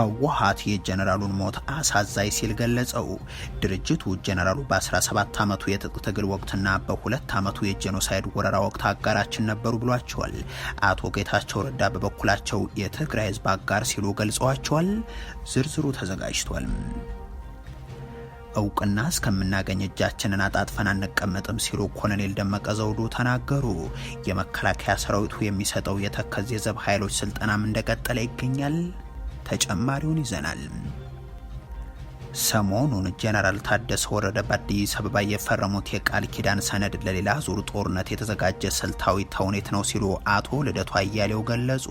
ህወሓት የጀነራሉን ሞት አሳዛኝ ሲል ገለጸው። ድርጅቱ ጀነራሉ በ17 ዓመቱ የትጥቅ ትግል ወቅትና በሁለት ዓመቱ የጄኖሳይድ ወረራ ወቅት አጋራችን ነበሩ ብሏቸዋል። አቶ ጌታቸው ረዳ በበኩላቸው የትግራይ ህዝብ አጋር ሲሉ ገልጸዋቸዋል። ዝርዝሩ ተዘጋጅቷል። እውቅና እስከምናገኝ እጃችንን አጣጥፈን አንቀመጥም ሲሉ ኮሎኔል ደመቀ ዘውዱ ተናገሩ። የመከላከያ ሰራዊቱ የሚሰጠው የተከዜ ዘብ ኃይሎች ስልጠናም እንደቀጠለ ይገኛል። ተጨማሪውን ይዘናል። ሰሞኑን ጄኔራል ታደሰ ወረደ በአዲስ አበባ የፈረሙት የቃል ኪዳን ሰነድ ለሌላ ዙር ጦርነት የተዘጋጀ ስልታዊ ተውኔት ነው ሲሉ አቶ ልደቱ አያሌው ገለጹ።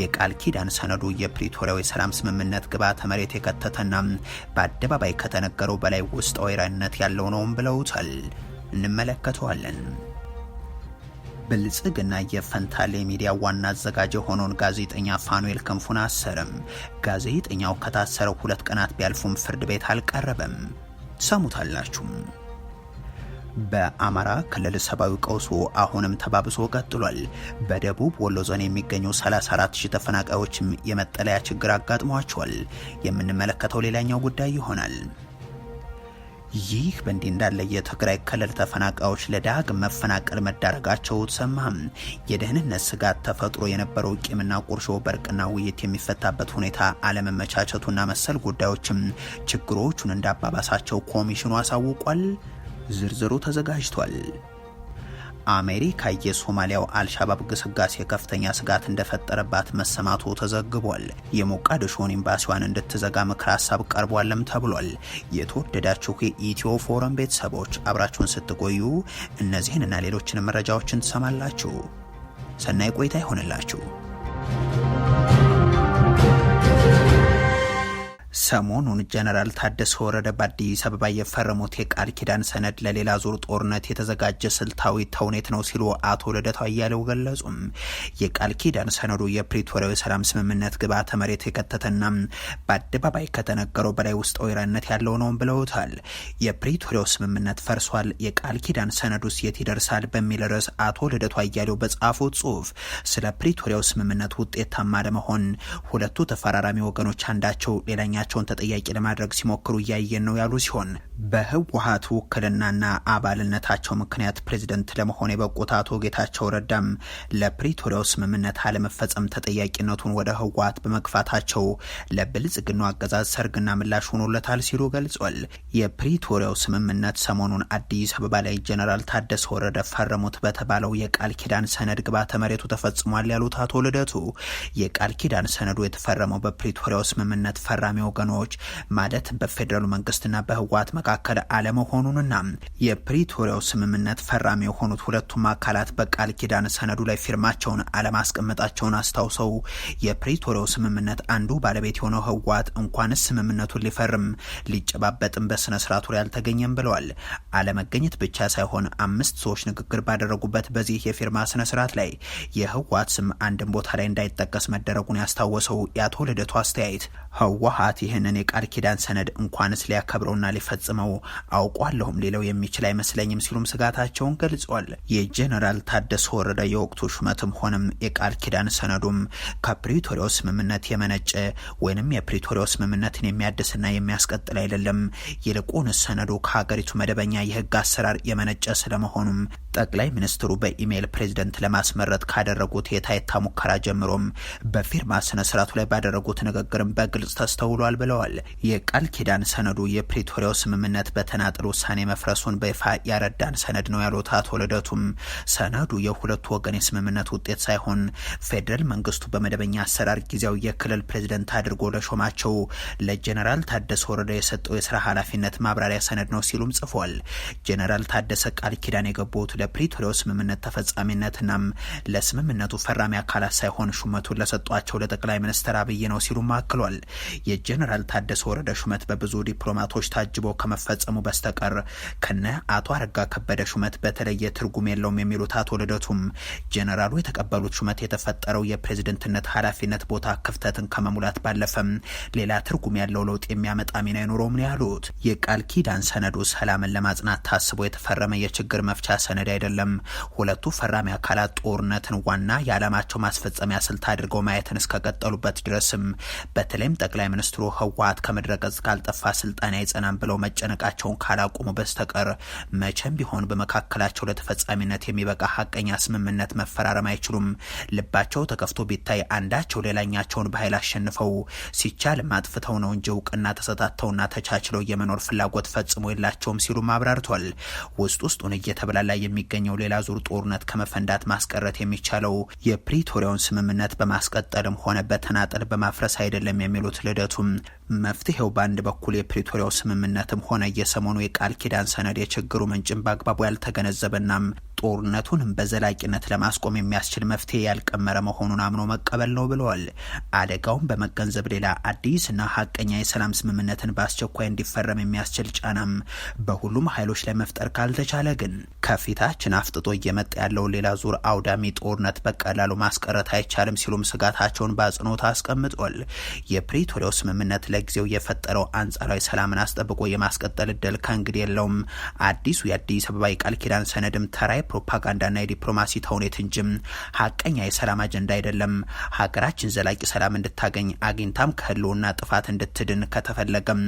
የቃል ኪዳን ሰነዱ የፕሪቶሪያው የሰላም ስምምነት ግብዓተ መሬት የከተተና በአደባባይ ከተነገረው በላይ ውስጣዊ ራነት ያለው ነውም ብለውታል። እንመለከተዋለን። ብልጽግና የፈንታሌ ሚዲያ ዋና አዘጋጅ የሆነውን ጋዜጠኛ ፋኑኤል ክንፉን አሰረም። ጋዜጠኛው ከታሰረው ሁለት ቀናት ቢያልፉም ፍርድ ቤት አልቀረበም። ሰሙታላችሁም። በአማራ ክልል ሰብአዊ ቀውሱ አሁንም ተባብሶ ቀጥሏል። በደቡብ ወሎ ዞን የሚገኙ 34 ሺህ ተፈናቃዮችም የመጠለያ ችግር አጋጥሟቸዋል። የምንመለከተው ሌላኛው ጉዳይ ይሆናል። ይህ በእንዲህ እንዳለ የትግራይ ክልል ተፈናቃዮች ለዳግም መፈናቀል መዳረጋቸው ተሰማ። የደህንነት ስጋት ተፈጥሮ የነበረው ቂምና ቁርሾ በእርቅና ውይይት የሚፈታበት ሁኔታ አለመመቻቸቱና መሰል ጉዳዮችም ችግሮቹን እንዳባባሳቸው ኮሚሽኑ አሳውቋል። ዝርዝሩ ተዘጋጅቷል። አሜሪካ የሶማሊያው አልሻባብ ግስጋሴ ከፍተኛ ስጋት እንደፈጠረባት መሰማቱ ተዘግቧል። የሞቃዲሾን ኤምባሲዋን እንድትዘጋ ምክር ሀሳብ ቀርቧለም ተብሏል። የተወደዳችሁ የኢትዮ ፎረም ቤተሰቦች አብራችሁን ስትቆዩ እነዚህንና ሌሎችን መረጃዎችን ትሰማላችሁ። ሰናይ ቆይታ ይሆንላችሁ። ሰሞኑን ጀነራል ታደሰ ወረደ በአዲስ አበባ የፈረሙት የቃል ኪዳን ሰነድ ለሌላ ዙር ጦርነት የተዘጋጀ ስልታዊ ተውኔት ነው ሲሉ አቶ ልደቱ አያሌው ገለጹም። የቃል ኪዳን ሰነዱ የፕሪቶሪያው የሰላም ስምምነት ግብዓተ መሬት የከተተና በአደባባይ ከተነገረው በላይ ውስጥ ወይራነት ያለው ነው ብለውታል። የፕሪቶሪያው ስምምነት ፈርሷል፣ የቃል ኪዳን ሰነዱስ የት ይደርሳል? በሚል ርዕስ አቶ ልደቱ አያሌው በጻፉት ጽሁፍ ስለ ፕሪቶሪያው ስምምነት ውጤታማ ለመሆን ሁለቱ ተፈራራሚ ወገኖች አንዳቸው ሌላኛ ራሳቸውን ተጠያቂ ለማድረግ ሲሞክሩ እያየን ነው ያሉ ሲሆን በህወሀት ውክልናና አባልነታቸው ምክንያት ፕሬዝደንት ለመሆን የበቁት አቶ ጌታቸው ረዳም ለፕሪቶሪያው ስምምነት አለመፈጸም ተጠያቂነቱን ወደ ህወሀት በመግፋታቸው ለብልጽግናው አገዛዝ ሰርግና ምላሽ ሆኖለታል ሲሉ ገልጿል። የፕሪቶሪያው ስምምነት ሰሞኑን አዲስ አበባ ላይ ጀነራል ታደሰ ወረደ ፈረሙት በተባለው የቃል ኪዳን ሰነድ ግብዓተ መሬቱ ተፈጽሟል ያሉት አቶ ልደቱ የቃል ኪዳን ሰነዱ የተፈረመው በፕሪቶሪያው ስምምነት ፈራሚ ወገኖች ማለት በፌዴራሉ መንግስትና በህወሓት መካከል አለመሆኑንና የፕሪቶሪያው ስምምነት ፈራሚ የሆኑት ሁለቱም አካላት በቃል ኪዳን ሰነዱ ላይ ፊርማቸውን አለማስቀመጣቸውን አስታውሰው የፕሪቶሪያው ስምምነት አንዱ ባለቤት የሆነው ህወሓት እንኳንስ ስምምነቱን ሊፈርም ሊጨባበጥም በስነ ስርዓቱ ላይ አልተገኘም ብለዋል። አለመገኘት ብቻ ሳይሆን አምስት ሰዎች ንግግር ባደረጉበት በዚህ የፊርማ ስነ ስርዓት ላይ የህወሓት ስም አንድም ቦታ ላይ እንዳይጠቀስ መደረጉን ያስታወሰው የአቶ ልደቱ አስተያየት ህወሓት ስርዓት ይህንን የቃል ኪዳን ሰነድ እንኳንስ ሊያከብረውና ሊፈጽመው አውቋለሁም ሌለው የሚችል አይመስለኝም ሲሉም ስጋታቸውን ገልጿል። የጄኔራል ታደሰ ወረደ የወቅቱ ሹመትም ሆነም የቃል ኪዳን ሰነዱም ከፕሪቶሪያው ስምምነት የመነጨ ወይንም የፕሪቶሪያው ስምምነትን የሚያድስና የሚያስቀጥል አይደለም። ይልቁን ሰነዱ ከሀገሪቱ መደበኛ የህግ አሰራር የመነጨ ስለመሆኑም ጠቅላይ ሚኒስትሩ በኢሜይል ፕሬዝደንት ለማስመረጥ ካደረጉት የታይታ ሙከራ ጀምሮም በፊርማ ስነ ስርዓቱ ላይ ባደረጉት ንግግርም በግልጽ ተስተውሏል ብለዋል። የቃል ኪዳን ሰነዱ የፕሪቶሪያው ስምምነት በተናጥል ውሳኔ መፍረሱን በይፋ ያረዳን ሰነድ ነው ያሉት አቶ ልደቱም ሰነዱ የሁለቱ ወገን የስምምነት ውጤት ሳይሆን ፌዴራል መንግስቱ በመደበኛ አሰራር ጊዜያዊ የክልል ፕሬዝደንት አድርጎ ለሾማቸው ለጀነራል ታደሰ ወረደ የሰጠው የስራ ኃላፊነት ማብራሪያ ሰነድ ነው ሲሉም ጽፏል። ጀነራል ታደሰ ቃል ኪዳን የገቡት ለፕሪቶሪያው ስምምነት ተፈጻሚነትናም ለስምምነቱ ፈራሚ አካላት ሳይሆን ሹመቱን ለሰጧቸው ለጠቅላይ ሚኒስትር አብይ ነው ሲሉም አክሏል። የጀኔራል ታደሰ ወረደ ሹመት በብዙ ዲፕሎማቶች ታጅቦ ከመፈጸሙ በስተቀር ከነ አቶ አረጋ ከበደ ሹመት በተለየ ትርጉም የለውም የሚሉት አቶ ልደቱም ጀኔራሉ የተቀበሉት ሹመት የተፈጠረው የፕሬዝደንትነት ኃላፊነት ቦታ ክፍተትን ከመሙላት ባለፈም ሌላ ትርጉም ያለው ለውጥ የሚያመጣ ሚና አይኖረውም ነው ያሉት። የቃል ኪዳን ሰነዱ ሰላምን ለማጽናት ታስቦ የተፈረመ የችግር መፍቻ ሰነድ አይደለም። ሁለቱ ፈራሚ አካላት ጦርነትን ዋና የዓላማቸው ማስፈጸሚያ ስልት አድርገው ማየትን እስከቀጠሉበት ድረስም በተለይም ጠቅላይ ሚኒስትሩ ህወሓት ከምድረ ገጽ ካልጠፋ ስልጣኔ አይጸናም ብለው መጨነቃቸውን ካላቆሙ በስተቀር መቼም ቢሆን በመካከላቸው ለተፈጻሚነት የሚበቃ ሀቀኛ ስምምነት መፈራረም አይችሉም። ልባቸው ተከፍቶ ቢታይ አንዳቸው ሌላኛቸውን በኃይል አሸንፈው ሲቻል ማጥፍተው ነው እንጂ እውቅና ተሰታተውና ተቻችለው የመኖር ፍላጎት ፈጽሞ የላቸውም ሲሉም አብራርቷል። ውስጥ ውስጡን እየተበላላ የሚ የሚገኘው ሌላ ዙር ጦርነት ከመፈንዳት ማስቀረት የሚቻለው የፕሪቶሪያውን ስምምነት በማስቀጠልም ሆነ በተናጠል በማፍረስ አይደለም የሚሉት ልደቱም መፍትሄው በአንድ በኩል የፕሪቶሪያው ስምምነትም ሆነ የሰሞኑ የቃል ኪዳን ሰነድ የችግሩ ምንጭን በአግባቡ ያልተገነዘበናም ጦርነቱን በዘላቂነት ለማስቆም የሚያስችል መፍትሄ ያልቀመረ መሆኑን አምኖ መቀበል ነው ብለዋል። አደጋውን በመገንዘብ ሌላ አዲስና ሀቀኛ የሰላም ስምምነትን በአስቸኳይ እንዲፈረም የሚያስችል ጫናም በሁሉም ኃይሎች ላይ መፍጠር ካልተቻለ ግን ከፊታችን አፍጥጦ እየመጣ ያለውን ሌላ ዙር አውዳሚ ጦርነት በቀላሉ ማስቀረት አይቻልም ሲሉም ስጋታቸውን በአጽንኦት አስቀምጧል። የፕሪቶሪያው ስምምነት ለጊዜው የፈጠረው አንጻራዊ ሰላምን አስጠብቆ የማስቀጠል እድል ከእንግዲህ የለውም። አዲሱ የአዲስ አበባ የቃል ኪዳን ሰነድም ተራይ የፕሮፓጋንዳና የዲፕሎማሲ ተውኔት እንጂም ሀቀኛ የሰላም አጀንዳ አይደለም። ሀገራችን ዘላቂ ሰላም እንድታገኝ አግኝታም ከህልውና ጥፋት እንድትድን ከተፈለገም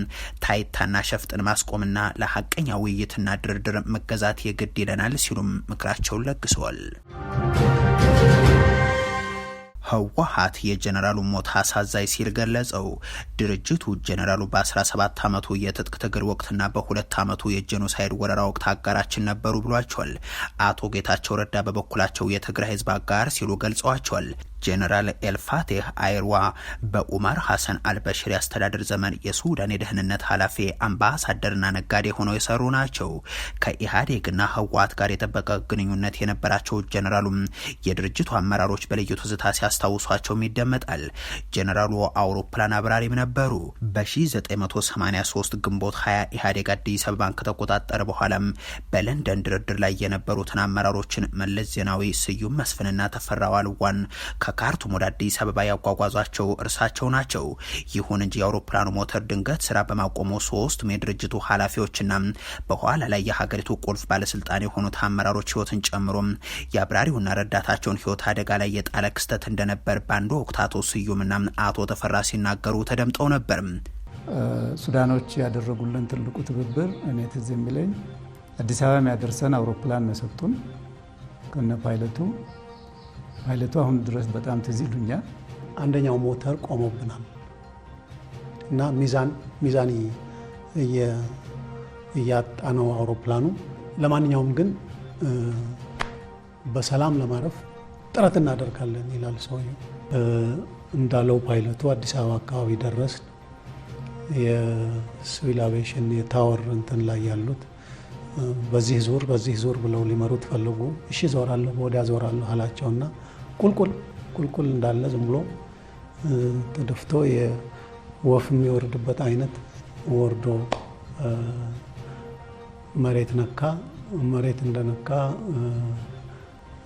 ታይታና ሸፍጥን ማስቆምና ለሀቀኛ ውይይትና ድርድር መገዛት የግድ ይለናል ሲሉም ምክራቸውን ለግሰዋል። ህወሓት የጀነራሉ ሞት አሳዛኝ ሲል ገለጸው። ድርጅቱ ጀነራሉ በ17 ዓመቱ የትጥቅ ትግል ወቅትና በሁለት ዓመቱ የጄኖሳይድ ወረራ ወቅት አጋራችን ነበሩ ብሏቸዋል። አቶ ጌታቸው ረዳ በበኩላቸው የትግራይ ህዝብ አጋር ሲሉ ገልጸዋቸዋል። ጄኔራል ኤልፋቴህ አይርዋ በኡማር ሐሰን አልበሽር የአስተዳደር ዘመን የሱዳን የደህንነት ኃላፊ አምባሳደርና ነጋዴ ሆነው የሰሩ ናቸው። ከኢህአዴግና ህወሓት ጋር የጠበቀ ግንኙነት የነበራቸው ጄኔራሉም የድርጅቱ አመራሮች በልዩ ትዝታ ሲያስታውሷቸውም ይደመጣል። ጄኔራሉ አውሮፕላን አብራሪም ነበሩ። በ1983 ግንቦት 20 ኢህአዴግ አዲስ አበባን ከተቆጣጠረ በኋላም በለንደን ድርድር ላይ የነበሩትን አመራሮችን መለስ ዜናዊ፣ ስዩም መስፍንና ተፈራ ዋልዋን ከካርቱም ወደ አዲስ አበባ ያጓጓዟቸው እርሳቸው ናቸው። ይሁን እንጂ የአውሮፕላኑ ሞተር ድንገት ስራ በማቆሙ ሶስቱም የድርጅቱ ኃላፊዎችና በኋላ ላይ የሀገሪቱ ቁልፍ ባለስልጣን የሆኑት አመራሮች ህይወትን ጨምሮ የአብራሪውና ረዳታቸውን ህይወት አደጋ ላይ የጣለ ክስተት እንደነበር በአንዱ ወቅት አቶ ስዩምና አቶ ተፈራ ሲናገሩ ተደምጠው ነበር። ሱዳኖች ያደረጉልን ትልቁ ትብብር እኔ ትዝ የሚለኝ አዲስ አበባ የሚያደርሰን አውሮፕላን ነው የሰጡን ከነ ፓይለቱ ፓይለቱ አሁን ድረስ በጣም ትዝ ይሉኛል። አንደኛው ሞተር ቆሞብናል እና ሚዛን ሚዛን እያጣነው አውሮፕላኑ። ለማንኛውም ግን በሰላም ለማረፍ ጥረት እናደርጋለን ይላል ሰውየው። እንዳለው ፓይለቱ አዲስ አበባ አካባቢ ደረስ የሲቪል አቬሽን የታወር እንትን ላይ ያሉት በዚህ ዙር በዚህ ዙር ብለው ሊመሩት ፈለጉ። እሺ ዞራለሁ፣ ወዲያ ዞራለሁ አላቸውና ቁልቁል ቁልቁል እንዳለ ዝም ብሎ ተደፍቶ የወፍ የሚወርድበት አይነት ወርዶ መሬት ነካ። መሬት እንደነካ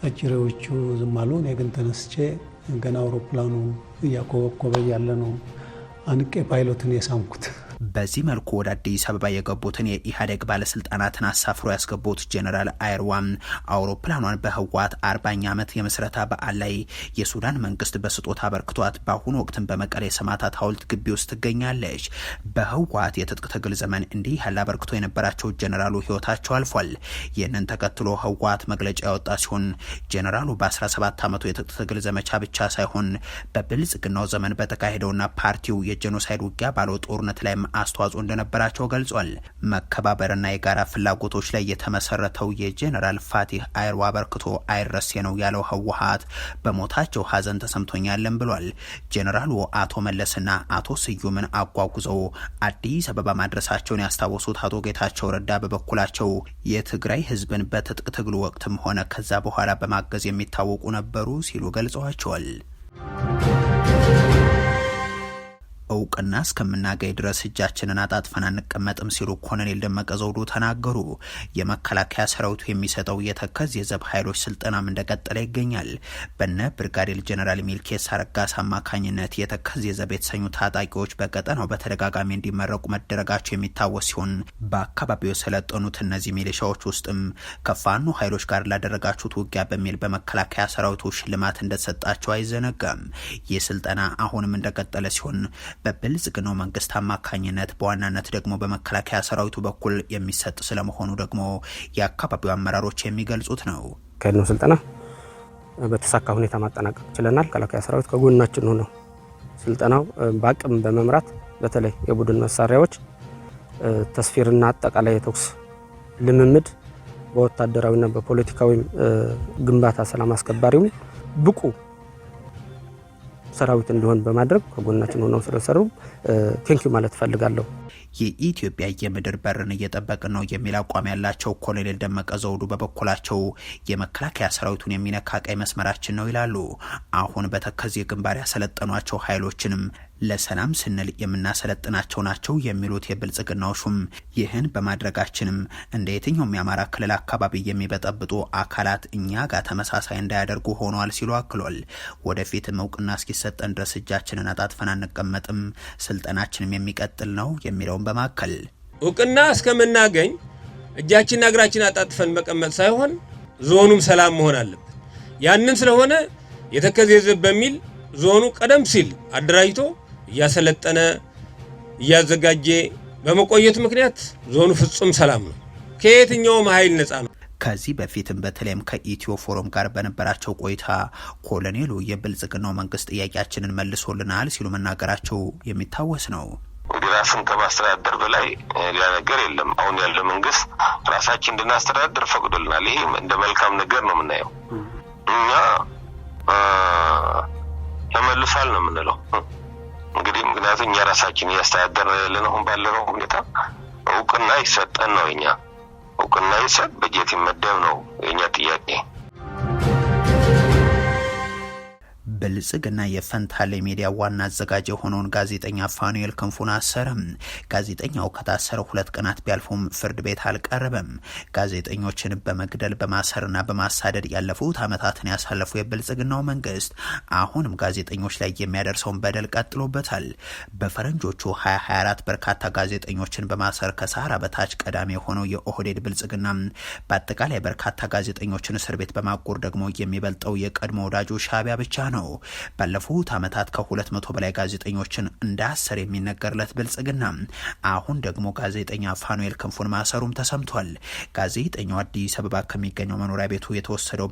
አጭሬዎቹ ዝም አሉ። እኔ ግን ተነስቼ ገና አውሮፕላኑ እያኮበኮበ ያለ ነው አንቄ ፓይሎትን የሳምኩት። በዚህ መልኩ ወደ አዲስ አበባ የገቡትን የኢህአዴግ ባለስልጣናትን አሳፍሮ ያስገቡት ጀነራል አይርዋም አውሮፕላኗን በህወሓት አርባኛ ዓመት የምስረታ በዓል ላይ የሱዳን መንግስት በስጦታ አበርክቷት በአሁኑ ወቅትም በመቀሌ የሰማዕታት ሐውልት ግቢ ውስጥ ትገኛለች። በህወሓት የትጥቅ ትግል ዘመን እንዲህ ያለ አበርክቶ የነበራቸው ጀኔራሉ ህይወታቸው አልፏል። ይህንን ተከትሎ ህወሓት መግለጫ ያወጣ ሲሆን ጀነራሉ በ17 ዓመቱ የትጥቅ ትግል ዘመቻ ብቻ ሳይሆን በብልጽግናው ዘመን በተካሄደውና ፓርቲው የጄኖሳይድ ውጊያ ባለው ጦርነት ላይም አስተዋጽኦ እንደነበራቸው ገልጿል። መከባበርና የጋራ ፍላጎቶች ላይ የተመሰረተው የጄኔራል ፋቲህ አይሮ አበርክቶ አይረሴ ነው ያለው ህወሀት በሞታቸው ሀዘን ተሰምቶኛለን ብሏል። ጄኔራሉ አቶ መለስና አቶ ስዩምን አጓጉዘው አዲስ አበባ ማድረሳቸውን ያስታወሱት አቶ ጌታቸው ረዳ በበኩላቸው የትግራይ ህዝብን በትጥቅ ትግሉ ወቅትም ሆነ ከዛ በኋላ በማገዝ የሚታወቁ ነበሩ ሲሉ ገልጸዋቸዋል። እውቅና እስከምናገኝ ድረስ እጃችንን አጣጥፈን አንቀመጥም ሲሉ ኮሎኔል ደመቀ ዘውዱ ተናገሩ። የመከላከያ ሰራዊቱ የሚሰጠው የተከዝ የዘብ ኃይሎች ስልጠናም እንደቀጠለ ይገኛል። በነ ብርጋዴር ጀኔራል ሚልኬስ አረጋስ አማካኝነት የተከዝ የዘብ የተሰኙ ታጣቂዎች በቀጠናው በተደጋጋሚ እንዲመረቁ መደረጋቸው የሚታወስ ሲሆን በአካባቢው የሰለጠኑት እነዚህ ሚሊሻዎች ውስጥም ከፋኖ ኃይሎች ጋር ላደረጋችሁት ውጊያ በሚል በመከላከያ ሰራዊቱ ሽልማት እንደተሰጣቸው አይዘነጋም። ይህ ስልጠና አሁንም እንደቀጠለ ሲሆን በብልጽግናው መንግስት አማካኝነት በዋናነት ደግሞ በመከላከያ ሰራዊቱ በኩል የሚሰጥ ስለመሆኑ ደግሞ የአካባቢው አመራሮች የሚገልጹት ነው። ከድነው ስልጠና በተሳካ ሁኔታ ማጠናቀቅ ችለናል። መከላከያ ሰራዊት ከጎናችን ሆነው ስልጠናው በአቅም በመምራት በተለይ የቡድን መሳሪያዎች ተስፊርና አጠቃላይ የተኩስ ልምምድ በወታደራዊና በፖለቲካዊም ግንባታ ሰላም አስከባሪውም ብቁ ሰራዊት እንዲሆን በማድረግ ከጎናችን ሆነው ስለሰሩ ቴንኪ ማለት ፈልጋለሁ የኢትዮጵያ የምድር በርን እየጠበቅን ነው የሚል አቋም ያላቸው ኮሎኔል ደመቀ ዘውዱ በበኩላቸው የመከላከያ ሰራዊቱን የሚነካ ቀይ መስመራችን ነው ይላሉ። አሁን በተከዜ ግንባር ያሰለጠኗቸው ኃይሎችንም ለሰላም ስንል የምናሰለጥናቸው ናቸው የሚሉት የብልጽግናዎቹም ይህን በማድረጋችንም እንደ የትኛውም የአማራ ክልል አካባቢ የሚበጠብጡ አካላት እኛ ጋር ተመሳሳይ እንዳያደርጉ ሆኗል ሲሉ አክሏል። ወደፊትም እውቅና እስኪሰጠን ድረስ እጃችንን አጣጥፈን አንቀመጥም፣ ስልጠናችንም የሚቀጥል ነው የሚለውን በማከል እውቅና እስከምናገኝ እጃችንና እግራችን አጣጥፈን መቀመጥ ሳይሆን ዞኑም ሰላም መሆን አለበት። ያንን ስለሆነ የተከዜ በሚል ዞኑ ቀደም ሲል አደራጅቶ እያሰለጠነ እያዘጋጀ በመቆየት ምክንያት ዞኑ ፍጹም ሰላም ነው፣ ከየትኛውም ኃይል ነጻ ነው። ከዚህ በፊትም በተለይም ከኢትዮ ፎረም ጋር በነበራቸው ቆይታ ኮሎኔሉ የብልጽግናው መንግስት ጥያቄያችንን መልሶልናል ሲሉ መናገራቸው የሚታወስ ነው። ራስን ከማስተዳደር በላይ ሌላ ነገር የለም። አሁን ያለው መንግስት ራሳችን እንድናስተዳደር ፈቅዶልናል። ይሄ እንደ መልካም ነገር ነው የምናየው እኛ ተመልሷል ነው የምንለው። እንግዲህ ምክንያቱም እኛ ራሳችን እያስተዳደር ያለን አሁን ባለነው ሁኔታ እውቅና ይሰጠን ነው። እኛ እውቅና ይሰጥ፣ በጀት ይመደብ ነው የእኛ ጥያቄ። ብልጽግና የፈንታሌ ሚዲያ ዋና አዘጋጅ የሆነውን ጋዜጠኛ ፋኑኤል ክንፉን አሰረም። ጋዜጠኛው ከታሰረ ሁለት ቀናት ቢያልፉም ፍርድ ቤት አልቀረበም። ጋዜጠኞችን በመግደል በማሰርና በማሳደድ ያለፉት ዓመታትን ያሳለፉ የብልጽግናው መንግስት አሁንም ጋዜጠኞች ላይ የሚያደርሰውን በደል ቀጥሎበታል። በፈረንጆቹ 2024 በርካታ ጋዜጠኞችን በማሰር ከሳራ በታች ቀዳሚ የሆነው የኦህዴድ ብልጽግና በአጠቃላይ በርካታ ጋዜጠኞችን እስር ቤት በማጎር ደግሞ የሚበልጠው የቀድሞ ወዳጁ ሻቢያ ብቻ ነው። ባለፉት ዓመታት ከ200 በላይ ጋዜጠኞችን እንዳሰር የሚነገርለት ብልጽግና አሁን ደግሞ ጋዜጠኛ ፋኑኤል ክንፉን ማሰሩም ተሰምቷል። ጋዜጠኛው አዲስ አበባ ከሚገኘው መኖሪያ ቤቱ የተወሰደው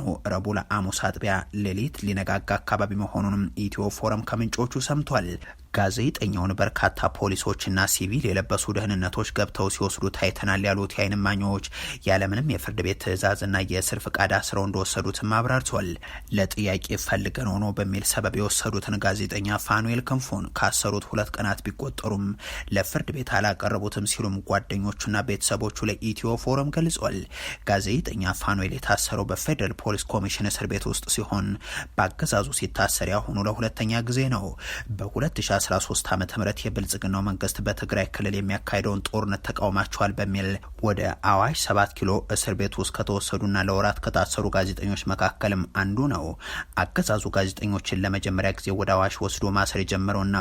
ነው ረቡዕ ለሐሙስ አጥቢያ ሌሊት ሊነጋጋ አካባቢ መሆኑንም ኢትዮ ፎረም ከምንጮቹ ሰምቷል። ጋዜጠኛውን በርካታ ፖሊሶችና ሲቪል የለበሱ ደህንነቶች ገብተው ሲወስዱ ታይተናል ያሉት የአይን እማኞች ያለምንም የፍርድ ቤት ትዕዛዝና የእስር ፍቃድ አስረው እንደወሰዱትም አብራርቷል። ለጥያቄ ፈልገን ሆኖ በሚል ሰበብ የወሰዱትን ጋዜጠኛ ፋኑኤል ክንፉን ካሰሩት ሁለት ቀናት ቢቆጠሩም ለፍርድ ቤት አላቀረቡትም ሲሉም ጓደኞቹና ቤተሰቦቹ ለኢትዮ ፎረም ገልጿል። ጋዜጠኛ ፋኑኤል የታሰረው በፌዴራል ፖሊስ ኮሚሽን እስር ቤት ውስጥ ሲሆን በአገዛዙ ሲታሰር ያሁኑ ለሁለተኛ ጊዜ ነው። በ 2013 ዓ ም የብልጽግናው መንግስት በትግራይ ክልል የሚያካሄደውን ጦርነት ተቃውማቸዋል በሚል ወደ አዋሽ 7 ኪሎ እስር ቤት ውስጥ ከተወሰዱና ለወራት ከታሰሩ ጋዜጠኞች መካከልም አንዱ ነው። አገዛዙ ጋዜጠኞችን ለመጀመሪያ ጊዜ ወደ አዋሽ ወስዶ ማሰር የጀመረውና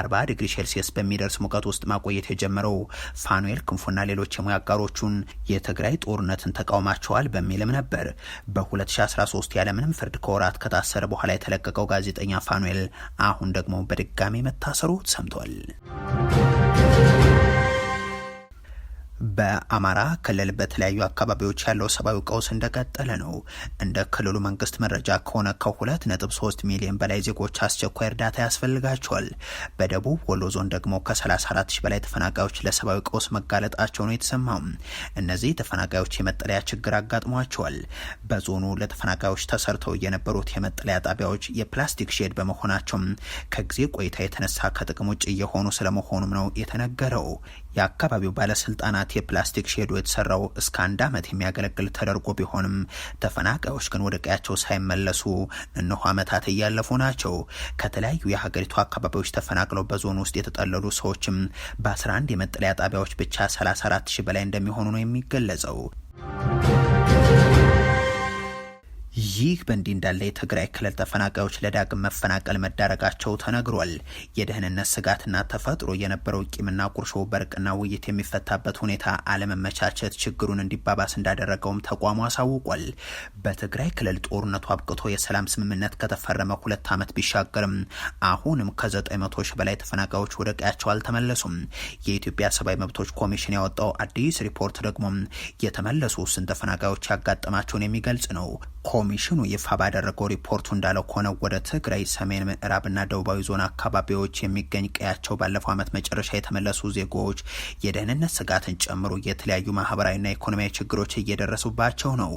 40 ዲግሪ ሴልሲየስ በሚደርስ ሙቀት ውስጥ ማቆየት የጀመረው ፋኑኤል ክንፉና ሌሎች የሙያ አጋሮቹን የትግራይ ጦርነትን ተቃውማቸዋል በሚልም ነበር። በ2013 ያለምንም ፍርድ ከወራት ከታሰረ በኋላ የተለቀቀው ጋዜጠኛ ፋኑኤል አሁን ደግሞ በድጋሚ መታሰሩ ሰምቷል። በአማራ ክልል በተለያዩ አካባቢዎች ያለው ሰብአዊ ቀውስ እንደቀጠለ ነው። እንደ ክልሉ መንግስት መረጃ ከሆነ ከሁለት ነጥብ ሚሊዮን በላይ ዜጎች አስቸኳይ እርዳታ ያስፈልጋቸዋል። በደቡብ ወሎ ዞን ደግሞ ከ34 ሺህ በላይ ተፈናቃዮች ለሰብአዊ ቀውስ መጋለጣቸው ነው የተሰማው። እነዚህ ተፈናቃዮች የመጠለያ ችግር አጋጥሟቸዋል። በዞኑ ለተፈናቃዮች ተሰርተው የነበሩት የመጠለያ ጣቢያዎች የፕላስቲክ ሼድ በመሆናቸውም ከጊዜ ቆይታ የተነሳ ከጥቅም ውጭ እየሆኑ ስለመሆኑም ነው የተነገረው። የአካባቢው ባለስልጣናት የፕላስቲክ ሼዶ የተሰራው እስከ አንድ ዓመት የሚያገለግል ተደርጎ ቢሆንም ተፈናቃዮች ግን ወደ ቀያቸው ሳይመለሱ እነሆ ዓመታት እያለፉ ናቸው። ከተለያዩ የሀገሪቱ አካባቢዎች ተፈናቅለው በዞን ውስጥ የተጠለሉ ሰዎችም በ11 የመጠለያ ጣቢያዎች ብቻ 34 ሺህ በላይ እንደሚሆኑ ነው የሚገለጸው። ይህ በእንዲህ እንዳለ የትግራይ ክልል ተፈናቃዮች ለዳግም መፈናቀል መዳረጋቸው ተነግሯል። የደህንነት ስጋትና ተፈጥሮ የነበረው ቂምና ቁርሾ በእርቅና ውይይት የሚፈታበት ሁኔታ አለመመቻቸት ችግሩን እንዲባባስ እንዳደረገውም ተቋሙ አሳውቋል። በትግራይ ክልል ጦርነቱ አብቅቶ የሰላም ስምምነት ከተፈረመ ሁለት ዓመት ቢሻገርም አሁንም ከ900 ሺህ በላይ ተፈናቃዮች ወደ ቀያቸው አልተመለሱም። የኢትዮጵያ ሰብአዊ መብቶች ኮሚሽን ያወጣው አዲስ ሪፖርት ደግሞ የተመለሱ ውስን ተፈናቃዮች ያጋጠማቸውን የሚገልጽ ነው። ኮሚሽኑ ይፋ ባደረገው ሪፖርቱ እንዳለው ከሆነ ወደ ትግራይ ሰሜን ምዕራብና ደቡባዊ ዞን አካባቢዎች የሚገኝ ቀያቸው ባለፈው ዓመት መጨረሻ የተመለሱ ዜጎች የደህንነት ስጋትን ጨምሮ የተለያዩ ማህበራዊና ኢኮኖሚያዊ ችግሮች እየደረሱባቸው ነው።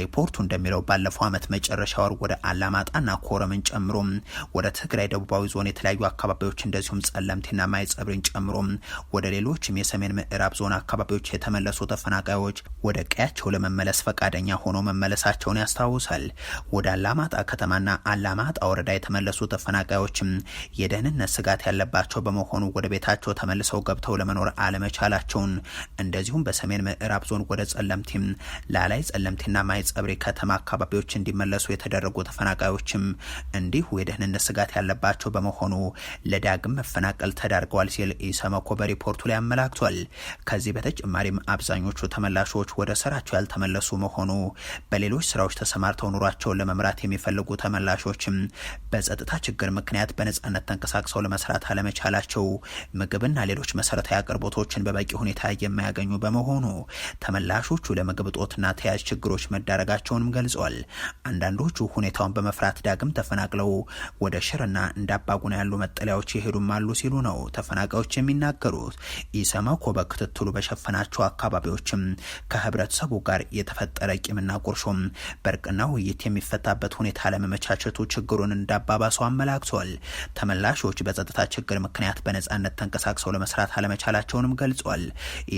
ሪፖርቱ እንደሚለው ባለፈው ዓመት መጨረሻ ወር ወደ አላማጣና ኮረምን ጨምሮ ወደ ትግራይ ደቡባዊ ዞን የተለያዩ አካባቢዎች እንደዚሁም ጸለምቴና ማይጸብሪን ጨምሮ ወደ ሌሎችም የሰሜን ምዕራብ ዞን አካባቢዎች የተመለሱ ተፈናቃዮች ወደ ቀያቸው ለመመለስ ፈቃደኛ ሆኖ መመለሳቸውን ያስታ ያስታውሳል። ወደ አላማጣ ከተማና አላማጣ ወረዳ የተመለሱ ተፈናቃዮችም የደህንነት ስጋት ያለባቸው በመሆኑ ወደ ቤታቸው ተመልሰው ገብተው ለመኖር አለመቻላቸውን፣ እንደዚሁም በሰሜን ምዕራብ ዞን ወደ ጸለምቲም፣ ላላይ ጸለምቲና ጸብሪ ከተማ አካባቢዎች እንዲመለሱ የተደረጉ ተፈናቃዮችም እንዲሁ የደህንነት ስጋት ያለባቸው በመሆኑ ለዳግም መፈናቀል ተዳርገዋል ሲል ኢሰመኮ በሪፖርቱ ላይ አመላክቷል። ከዚህ በተጨማሪም አብዛኞቹ ተመላሾች ወደ ስራቸው ያልተመለሱ መሆኑ በሌሎች ስራዎች ተሰማርተው ኑሯቸውን ለመምራት የሚፈልጉ ተመላሾችም በጸጥታ ችግር ምክንያት በነጻነት ተንቀሳቅሰው ለመስራት አለመቻላቸው ምግብና ሌሎች መሰረታዊ አቅርቦቶችን በበቂ ሁኔታ የማያገኙ በመሆኑ ተመላሾቹ ለምግብ እጦትና ተያያዥ ችግሮች መዳረጋቸውንም ገልጿል። አንዳንዶቹ ሁኔታውን በመፍራት ዳግም ተፈናቅለው ወደ ሽርና እንዳባጉና ያሉ መጠለያዎች የሄዱም አሉ ሲሉ ነው ተፈናቃዮች የሚናገሩት። ኢሰመኮ በክትትሉ በሸፈናቸው አካባቢዎችም ከህብረተሰቡ ጋር የተፈጠረ ቂምና ቁርሾም እርቅና ውይይት የሚፈታበት ሁኔታ ለመመቻቸቱ ችግሩን እንዳባባሰው አመላክቷል። ተመላሾች በጸጥታ ችግር ምክንያት በነጻነት ተንቀሳቅሰው ለመስራት አለመቻላቸውንም ገልጿል።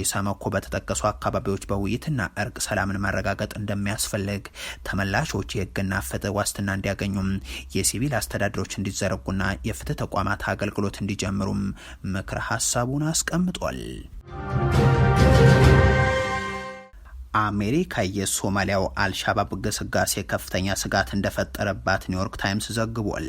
ኢሰመኮ በተጠቀሱ አካባቢዎች በውይይትና እርቅ ሰላምን ማረጋገጥ እንደሚያስፈልግ፣ ተመላሾች የህግና ፍትህ ዋስትና እንዲያገኙም፣ የሲቪል አስተዳደሮች እንዲዘረጉና የፍትህ ተቋማት አገልግሎት እንዲጀምሩም ምክረ ሀሳቡን አስቀምጧል። አሜሪካ የሶማሊያው አልሻባብ ግስጋሴ ከፍተኛ ስጋት እንደፈጠረባት ኒውዮርክ ታይምስ ዘግቧል።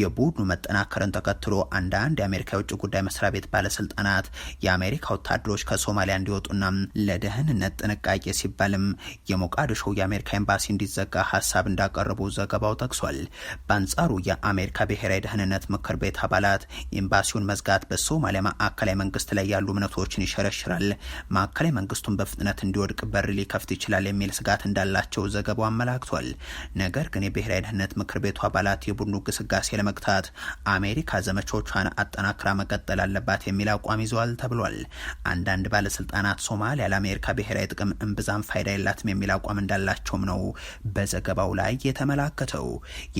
የቡድኑ መጠናከርን ተከትሎ አንዳንድ የአሜሪካ የውጭ ጉዳይ መስሪያ ቤት ባለስልጣናት የአሜሪካ ወታደሮች ከሶማሊያ እንዲወጡና ለደህንነት ጥንቃቄ ሲባልም የሞቃዲሾ የአሜሪካ ኤምባሲ እንዲዘጋ ሀሳብ እንዳቀረቡ ዘገባው ጠቅሷል። በአንጻሩ የአሜሪካ ብሔራዊ ደህንነት ምክር ቤት አባላት ኤምባሲውን መዝጋት በሶማሊያ ማዕከላዊ መንግስት ላይ ያሉ እምነቶችን ይሸረሽራል፣ ማዕከላዊ መንግስቱን በፍጥነት እንዲወድቅ በር ሊከፍት ይችላል የሚል ስጋት እንዳላቸው ዘገባው አመላክቷል። ነገር ግን የብሔራዊ ደህንነት ምክር ቤቱ አባላት የቡድኑ ግስጋሴ ለመግታት አሜሪካ ዘመቻዎቿን አጠናክራ መቀጠል አለባት የሚል አቋም ይዘዋል ተብሏል። አንዳንድ ባለስልጣናት ሶማሊያ ለአሜሪካ ብሔራዊ ጥቅም እምብዛም ፋይዳ የላትም የሚል አቋም እንዳላቸውም ነው በዘገባው ላይ የተመላከተው።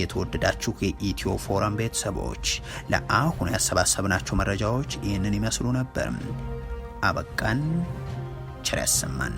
የተወደዳችሁ የኢትዮ ፎረም ቤተሰቦች ለአሁኑ ያሰባሰብናቸው መረጃዎች ይህንን ይመስሉ ነበር። አበቃን። ቸር ያሰማን።